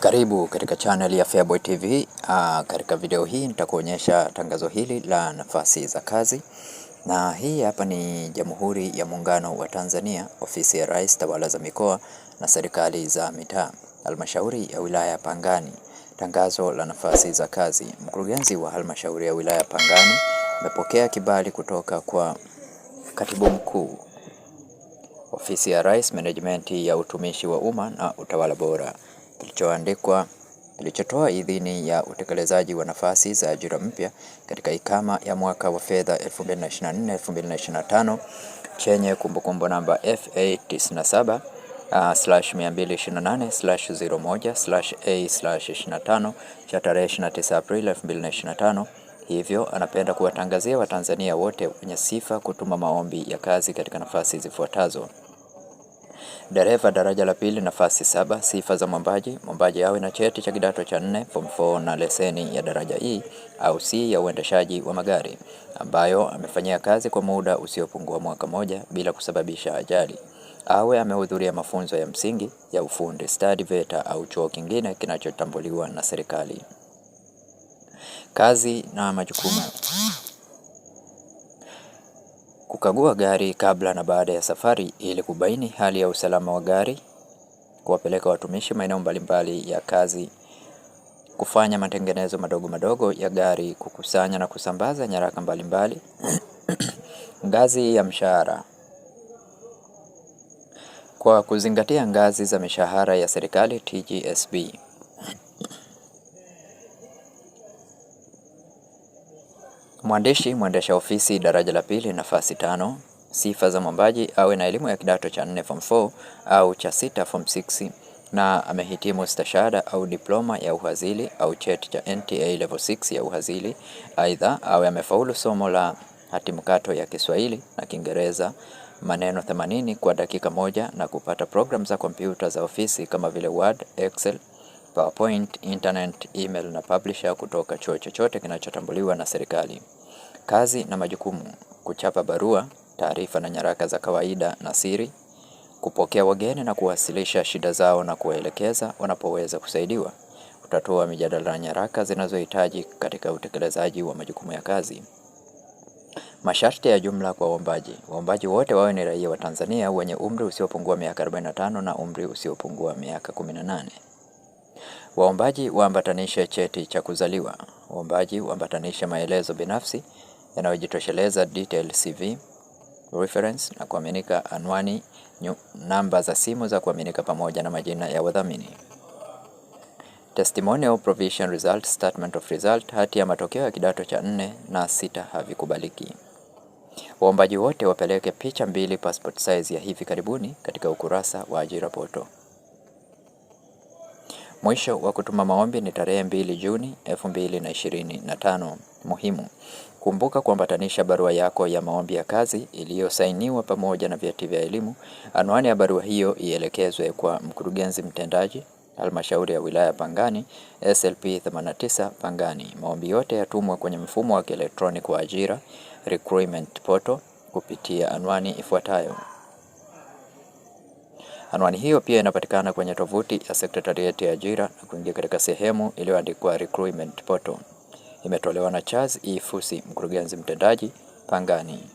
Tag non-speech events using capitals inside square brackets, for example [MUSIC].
Karibu katika channel ya Feaboy TV. Aa, ah, katika video hii nitakuonyesha tangazo hili la nafasi za kazi, na hii hapa ni Jamhuri ya Muungano wa Tanzania, Ofisi ya Rais, Tawala za Mikoa na Serikali za Mitaa, Halmashauri ya Wilaya ya Pangani. Tangazo la nafasi za kazi. Mkurugenzi wa Halmashauri ya Wilaya ya Pangani amepokea kibali kutoka kwa Katibu Mkuu Ofisi ya Rais, Management ya Utumishi wa Umma na Utawala Bora kilichoandikwa kilichotoa idhini ya utekelezaji wa nafasi za ajira mpya katika ikama ya mwaka wa fedha 2024-2025 chenye kumbukumbu namba FA 97 228/01/A/25 cha tarehe 29 Aprili 2025. Hivyo anapenda kuwatangazia Watanzania wote wenye sifa kutuma maombi ya kazi katika nafasi zifuatazo. Dereva daraja la pili, nafasi saba. Sifa za mwombaji: mwombaji awe na cheti cha kidato cha nne form 4 na leseni ya daraja E au C ya uendeshaji wa magari ambayo amefanyia kazi kwa muda usiopungua mwaka moja bila kusababisha ajali. Awe amehudhuria mafunzo ya msingi ya ufundi stadi VETA au chuo kingine kinachotambuliwa na serikali. Kazi na majukumu Kukagua gari kabla na baada ya safari ili kubaini hali ya usalama wa gari, kuwapeleka watumishi maeneo mbalimbali ya kazi, kufanya matengenezo madogo madogo ya gari, kukusanya na kusambaza nyaraka mbalimbali. [CLEARS THROAT] Ngazi ya mshahara. Kwa kuzingatia ngazi za mishahara ya serikali TGSB Mwandishi mwendesha ofisi daraja la pili nafasi tano. Sifa za mwombaji awe na elimu ya kidato cha 4 form 4 au cha sita form 6 na amehitimu stashahada au diploma ya uhazili au cheti cha NTA level 6 ya uhazili. Aidha, awe amefaulu somo la hati mkato ya Kiswahili na Kiingereza maneno 80 kwa dakika moja na kupata programu za kompyuta za ofisi kama vile Word, Excel PowerPoint, internet, email na publisher kutoka chuo chochote kinachotambuliwa na serikali. Kazi na majukumu: kuchapa barua, taarifa na nyaraka za kawaida na siri, kupokea wageni na kuwasilisha shida zao na kuwaelekeza wanapoweza kusaidiwa, kutatua mijadala na nyaraka zinazohitaji katika utekelezaji wa majukumu ya kazi. Masharti ya jumla kwa waombaji. Waombaji wote wawe ni raia wa Tanzania wenye umri usiopungua miaka 45 na umri usiopungua miaka 18. Waombaji waambatanishe cheti cha kuzaliwa. Waombaji waambatanishe maelezo binafsi yanayojitosheleza detail CV, reference na kuaminika, anwani, namba za simu za kuaminika pamoja na majina ya wadhamini. Testimonial provision result, statement of result, hati ya matokeo ya kidato cha nne na sita havikubaliki. Waombaji wote wapeleke picha mbili passport size ya hivi karibuni katika ukurasa wa ajira poto. Mwisho wa kutuma maombi ni tarehe 2 Juni tano. Muhimu: kumbuka kuambatanisha barua yako ya maombi ya kazi iliyosainiwa pamoja na vyeti vya elimu. Anwani ya barua hiyo ielekezwe kwa Mkurugenzi Mtendaji, Halmashauri ya Wilaya Pangani, SLP 89 Pangani. Maombi yote yatumwa kwenye mfumo wa kielektroniki wa ajira, Recruitment Portal, kupitia anwani ifuatayo Anwani hiyo pia inapatikana kwenye tovuti ya Sekretarieti ya Ajira na kuingia katika sehemu iliyoandikwa Recruitment Portal. Imetolewa na Charles Ifusi, mkurugenzi mtendaji Pangani.